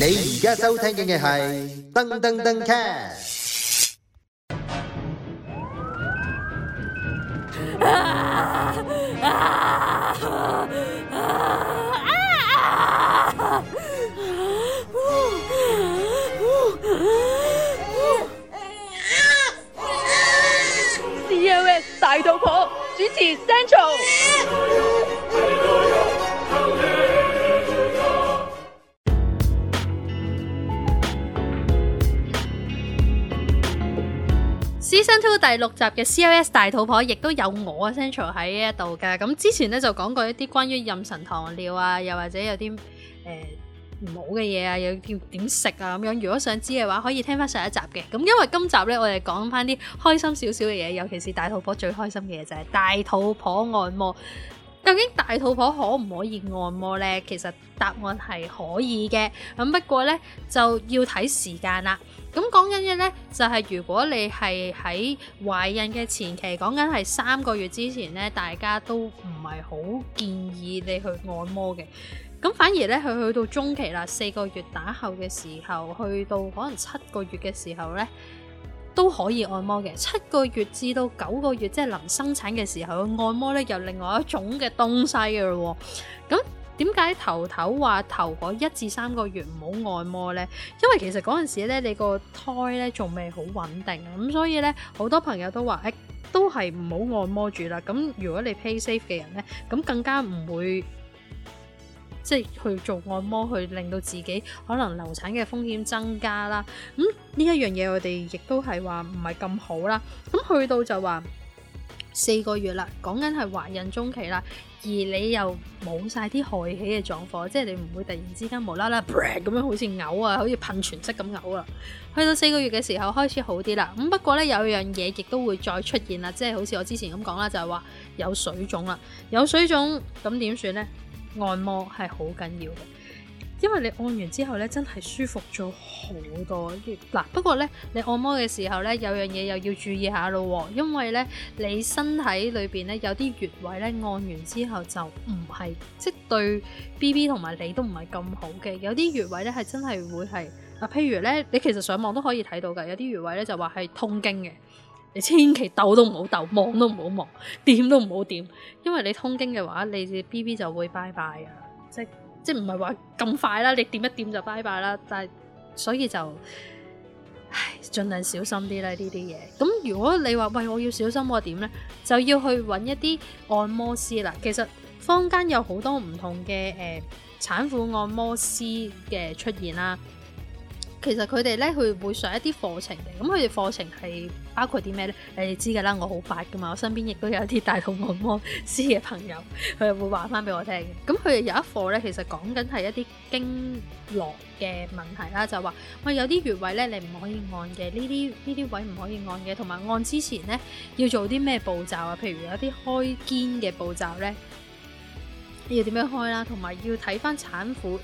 你而家收聽嘅係登登登 cat。COS 大肚婆主持 Central。第六集嘅 COS 大肚婆亦都有我 central 喺呢一度噶，咁之前咧就講過一啲關於妊娠糖尿啊，又或者有啲誒唔好嘅嘢啊，又要點食啊咁樣。如果想知嘅話，可以聽翻上一集嘅。咁因為今集咧，我哋講翻啲開心少少嘅嘢，尤其是大肚婆最開心嘅嘢就係大肚婆按摩。究竟大肚婆可唔可以按摩呢？其實答案係可以嘅，咁不過呢，就要睇時間啦。咁講緊嘅呢，就係如果你係喺懷孕嘅前期，講緊係三個月之前呢，大家都唔係好建議你去按摩嘅。咁反而呢，佢去到中期啦，四個月打後嘅時候，去到可能七個月嘅時候呢。都可以按摩嘅，七個月至到九個月即係臨生產嘅時候，按摩呢又另外一種嘅東西嘅咯喎。咁點解頭頭話頭嗰一至三個月唔好按摩呢？因為其實嗰陣時呢，你個胎呢仲未好穩定，咁所以呢，好多朋友都話誒、哎，都係唔好按摩住啦。咁如果你 play safe 嘅人呢，咁更加唔會。即係去做按摩，去令到自己可能流產嘅風險增加啦。咁、嗯、呢一樣嘢，我哋亦都係話唔係咁好啦。咁、嗯、去到就話四個月啦，講緊係懷孕中期啦。而你又冇晒啲害喜嘅狀況，即係你唔會突然之間無啦啦咁樣，好似嘔啊，好似噴泉式咁嘔啊。去到四個月嘅時候開始好啲啦。咁、嗯、不過呢，有樣嘢亦都會再出現啦，即係好似我之前咁講啦，就係、係、話有水腫啦。有水腫咁點算呢？按摩係好緊要嘅，因為你按完之後咧，真係舒服咗好多。嗱，不過咧你按摩嘅時候咧，有樣嘢又要注意下咯、哦。因為咧你身體裏邊咧有啲穴位咧，按完之後就唔係即對 B B 同埋你都唔係咁好嘅。有啲穴位咧係真係會係啊，譬如咧你其實上網都可以睇到噶，有啲穴位咧就話係痛經嘅。千祈鬥都唔好鬥，望都唔好望，掂都唔好掂，因為你通經嘅話，你 B B 就會拜拜啊！即即唔係話咁快啦，你掂一掂就拜拜啦，但係所以就唉，盡量小心啲啦呢啲嘢。咁如果你話喂，我要小心個點呢？就要去揾一啲按摩師啦。其實坊間有好多唔同嘅誒、呃、產婦按摩師嘅出現啦。其實佢哋呢，佢會上一啲課程嘅，咁佢哋課程係。包括啲咩咧？誒，你知㗎啦，我好白㗎嘛，我身邊亦都有啲大肚按摩師嘅朋友，佢又會話翻俾我聽。咁佢哋有一課咧，其實講緊係一啲經絡嘅問題啦，就話喂、哎，有啲穴位咧，你唔可以按嘅，呢啲呢啲位唔可以按嘅，同埋按之前咧要做啲咩步驟啊？譬如有啲開肩嘅步驟咧，要點樣開啦？同埋要睇翻產婦。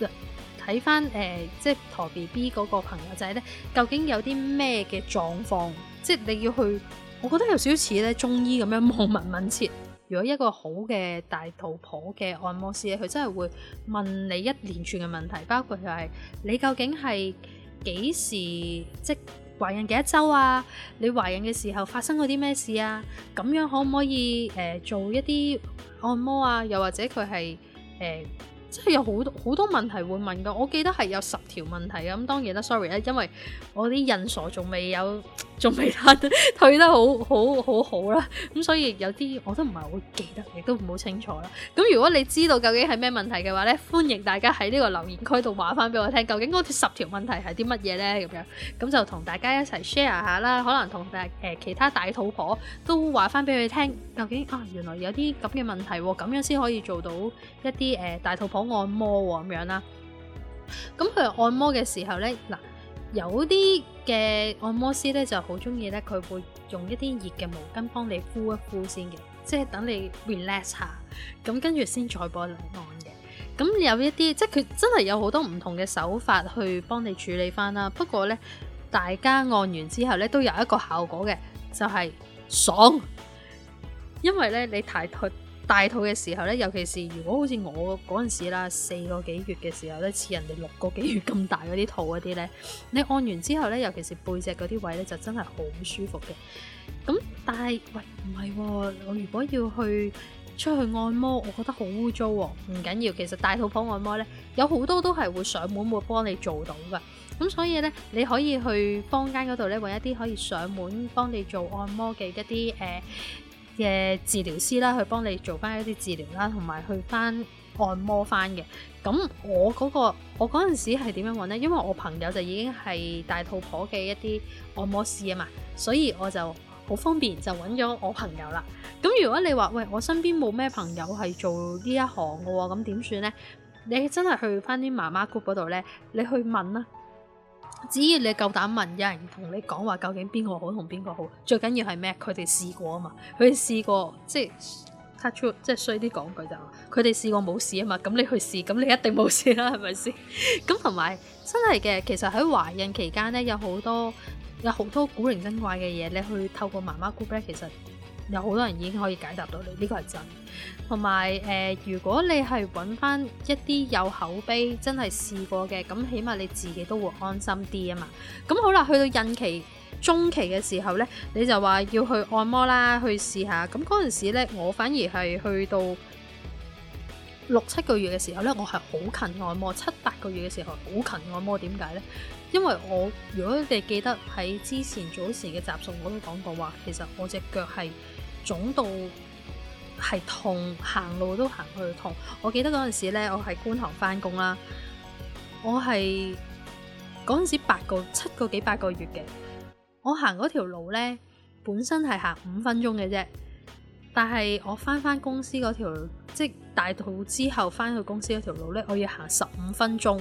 睇翻誒，即係陀 B B 嗰個朋友仔係咧，究竟有啲咩嘅狀況？即係你要去，我覺得有少少似咧，中醫咁樣望聞問切。如果一個好嘅大肚婆嘅按摩師咧，佢真係會問你一連串嘅問題，包括佢係，你究竟係幾時，即係懷孕幾多周啊？你懷孕嘅時候發生過啲咩事啊？咁樣可唔可以誒、呃、做一啲按摩啊？又或者佢係誒？呃即係有好多好多問題會問噶，我記得係有十條問題噶。咁當然啦，sorry 啦，因為我啲印數仲未有，仲未褪褪得好好好好啦。咁所以有啲我都唔係好記得，亦都唔好清楚啦。咁如果你知道究竟係咩問題嘅話咧，歡迎大家喺呢個留言區度話翻俾我聽，究竟嗰十條問題係啲乜嘢咧？咁樣咁就同大家一齊 share 下啦。可能同誒誒其他大肚婆都話翻俾佢聽，究竟啊原來有啲咁嘅問題，咁樣先可以做到一啲誒大肚婆。按摩喎，咁樣啦，咁佢按摩嘅時候呢，嗱，有啲嘅按摩師呢就好中意呢，佢會用一啲熱嘅毛巾幫你敷一敷先嘅，即係等你 relax 下，咁跟住先再幫你按嘅。咁有一啲，即係佢真係有好多唔同嘅手法去幫你處理翻啦。不過呢，大家按完之後呢，都有一個效果嘅，就係爽，因為呢，你太脫。大肚嘅時候咧，尤其是如果好似我嗰陣時啦，四個幾月嘅時候咧，似人哋六個幾月咁大嗰啲肚嗰啲咧，你按完之後咧，尤其是背脊嗰啲位咧，就真係好舒服嘅。咁但係，喂，唔係、哦，我如果要去出去按摩，我覺得好污糟喎。唔緊要，其實大肚婆按摩咧，有好多都係會上門會幫你做到噶。咁所以咧，你可以去坊間嗰度咧揾一啲可以上門幫你做按摩嘅一啲誒。呃嘅治療師啦，去幫你做翻一啲治療啦，同埋去翻按摩翻嘅。咁我嗰、嗰個我嗰陣時係點樣揾呢？因為我朋友就已經係大肚婆嘅一啲按摩師啊嘛，所以我就好方便就揾咗我朋友啦。咁如果你話喂我身邊冇咩朋友係做呢一行嘅喎，咁點算呢？你真係去翻啲媽媽 group 嗰度呢，你去問啦、啊。只要你夠膽問，有人同你講話究竟邊個好同邊個好，最緊要係咩？佢哋試過啊嘛，佢哋試過即係即係衰啲講句就，佢哋試過冇事啊嘛，咁你去試，咁你一定冇事啦，係咪先？咁同埋真係嘅，其實喺懷孕期間呢，有好多有好多古靈精怪嘅嘢，你去透過媽媽顧 bre 其實。有好多人已經可以解答到你，呢、這個係真。同埋誒，如果你係揾翻一啲有口碑、真係試過嘅，咁起碼你自己都會安心啲啊嘛。咁、嗯、好啦，去到孕期中期嘅時候呢，你就話要去按摩啦，去試下。咁嗰陣時咧，我反而係去到六七個月嘅時候呢，我係好勤按摩，七八個月嘅時候好勤按摩。點解呢？因為我如果你記得喺之前早時嘅集數我都講過話，其實我隻腳係～腫到係痛，行路都行去痛。我記得嗰陣時呢，我喺觀塘翻工啦。我係嗰陣時八個七個幾八個月嘅，我行嗰條路呢，本身係行五分鐘嘅啫。但係我翻翻公司嗰條，即係大肚之後翻去公司嗰條路呢，我要行十五分鐘，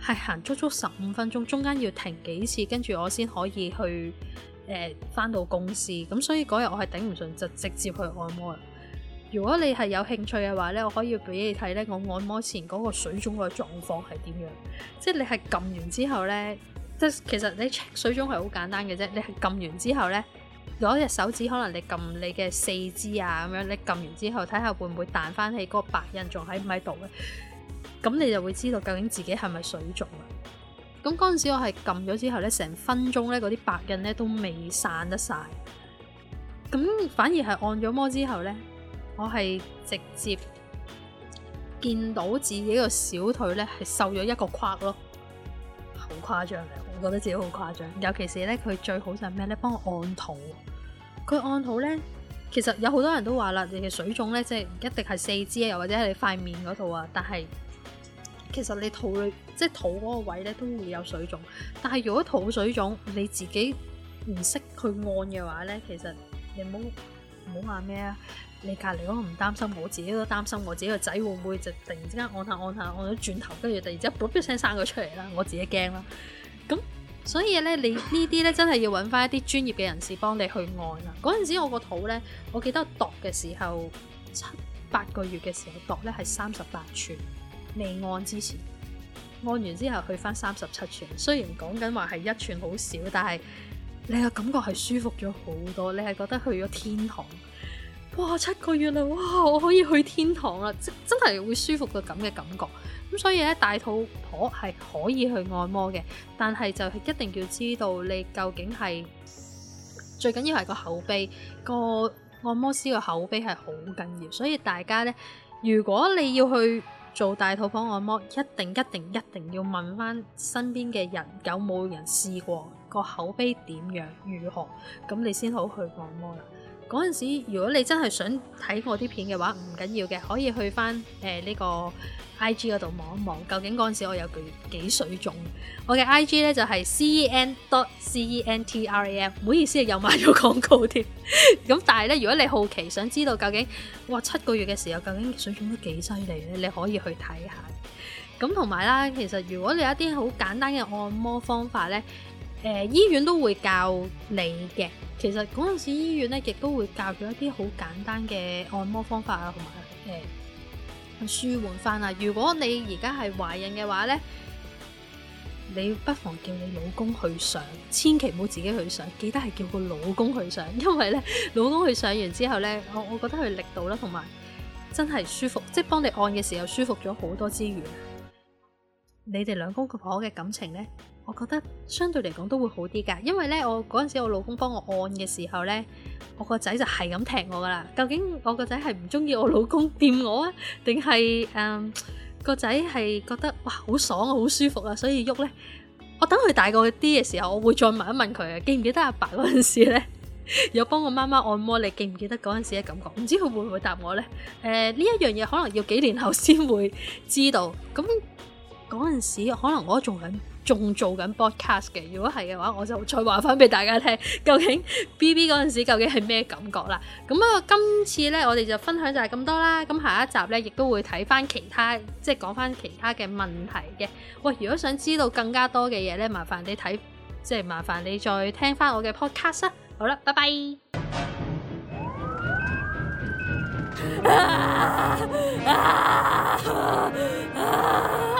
係行足足十五分鐘，中間要停幾次，跟住我先可以去。誒翻到公司，咁所以嗰日我係頂唔順，就直接去按摩啦。如果你係有興趣嘅話呢，我可以俾你睇呢，我按摩前嗰個水腫嘅狀況係點樣？即係你係撳完之後呢，即係其實你水腫係好簡單嘅啫。你係撳完之後呢，攞隻手指可能你撳你嘅四肢啊咁樣，你撳完之後睇下會唔會彈翻起嗰個白印仲喺唔喺度嘅？咁你就會知道究竟自己係咪水腫啦。咁嗰陣時我係撳咗之後呢，成分鐘呢嗰啲白印呢都未散得晒，咁反而係按咗摩之後呢，我係直接見到自己個小腿呢係瘦咗一個框咯，好誇張嘅，我覺得自己好誇張。尤其是呢，佢最好就係咩呢？幫我按肚，佢按肚呢，其實有好多人都話啦，你嘅水腫呢，即係唔一定係四肢啊，又或者係你塊面嗰度啊，但係。其實你肚裏即係肚嗰個位咧都會有水腫，但係如果肚水腫，你自己唔識去按嘅話咧，其實你唔好唔好話咩啊？你隔離嗰個唔擔心，我自己都擔心，我自己個仔會唔會就突然之間按下按下按咗轉頭，跟住突然之間噗一聲生咗出嚟啦，我自己驚啦。咁所以咧，你呢啲咧真係要揾翻一啲專業嘅人士幫你去按啊。嗰陣時我個肚咧，我記得度嘅時候，七八個月嘅時候度咧係三十八寸。未按之前，按完之後去返三十七寸。雖然講緊話係一寸好少，但係你嘅感覺係舒服咗好多。你係覺得去咗天堂，哇，七個月啦，哇我可以去天堂啦，真真係會舒服到咁嘅感覺。咁、嗯、所以咧，大肚婆係可以去按摩嘅，但係就係一定要知道你究竟係最緊要係個口碑，個按摩師個口碑係好緊要。所以大家呢，如果你要去，做大肚婆按摩，一定一定一定要問翻身邊嘅人，有冇人試過，個口碑點樣，如何咁你先好去按摩啦。嗰陣時，如果你真係想睇我啲片嘅話，唔緊要嘅，可以去翻誒呢個 I G 嗰度望一望，究竟嗰陣時我有幾幾水腫。我嘅 I G 咧就係、係、C E N dot C E N T R A M，唔好意思，又買咗廣告添。咁 但係咧，如果你好奇想知道究竟，哇、呃、七個月嘅時候究竟水腫得幾犀利咧，你可以去睇下。咁同埋啦，其實如果你有一啲好簡單嘅按摩方法咧。誒、呃、醫院都會教你嘅，其實嗰陣時醫院咧亦都會教咗一啲好簡單嘅按摩方法啊，同埋、呃、舒緩翻啊。如果你而家係懷孕嘅話咧，你不妨叫你老公去上，千祈唔好自己去上，記得係叫個老公去上，因為咧老公去上完之後咧，我我覺得佢力度啦，同埋真係舒服，即、就、係、是、幫你按嘅時候舒服咗好多之餘。你哋兩公婆嘅感情咧，我覺得相對嚟講都會好啲噶，因為咧，我嗰陣時我老公幫我按嘅時候咧，我個仔就係咁踢我噶啦。究竟我個仔係唔中意我老公掂我啊，定係誒個仔係覺得哇好爽啊，好舒服啊，所以喐咧。我等佢大個啲嘅時候，我會再問一問佢，記唔記得阿爸嗰陣時咧有幫我媽媽按摩，你記唔記得嗰陣時嘅感覺？唔知佢會唔會答我咧？誒，呢一樣嘢可能要幾年後先會知道。咁。嗰陣時，可能我仲緊仲做緊 podcast 嘅。如果係嘅話，我就再話翻俾大家聽，究竟 BB 嗰陣時究竟係咩感覺啦？咁不過今次呢，我哋就分享就係咁多啦。咁下一集呢，亦都會睇翻其他，即係講翻其他嘅問題嘅。喂、呃，如果想知道更加多嘅嘢呢，麻煩你睇，即係麻煩你再聽翻我嘅 podcast 啦！好啦，拜拜。啊啊啊啊啊